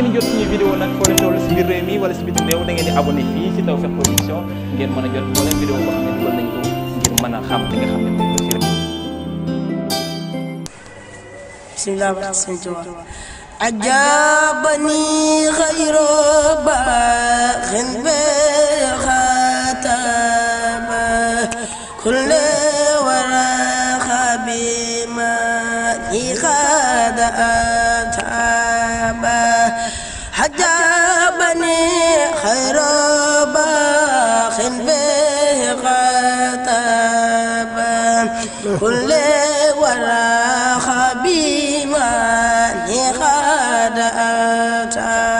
ngeen jot suñu vidéo nag foo leen toll si biir réew mi wala si biti réew da ngeen di abonné fii si Tawfekh Production ngeen mën a jot moo leen vidéo boo xam ne dugal nañ ko ngir mën a xam li nga xam ne moom la rek. bismillah wax sëñ Tuubaa ajabani xayro ba xen be xaataba kulle wara xabima ñi xaada حجابني خير باخ به غتابا كل ورا خبيما قد أتى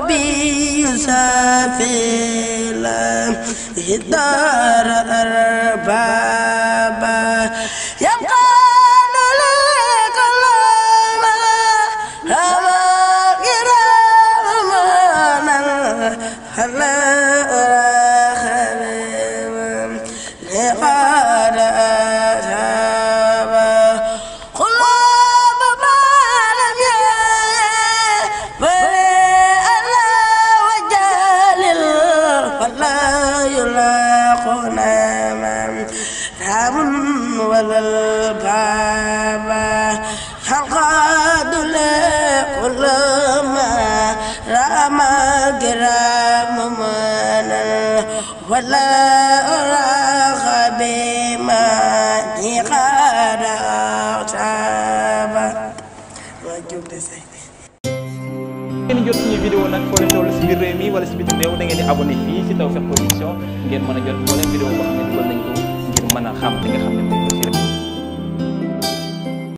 وبي سفيلا هدار أربابا يبقى لك اللهم هما كرامنا هلا أرى خريما حام ولا الكعبة حقاد لكل ما رام كرام من ولا أراخ بما قد أعتاب ngeen jot suñu vidéo nag foo leen toll si biir réew mi wala si bitim réew da ngeen di abonné fii si Tawfekh Production ngeen mën a jot moo leen vidéo boo xam xam-xam bi nga xam ne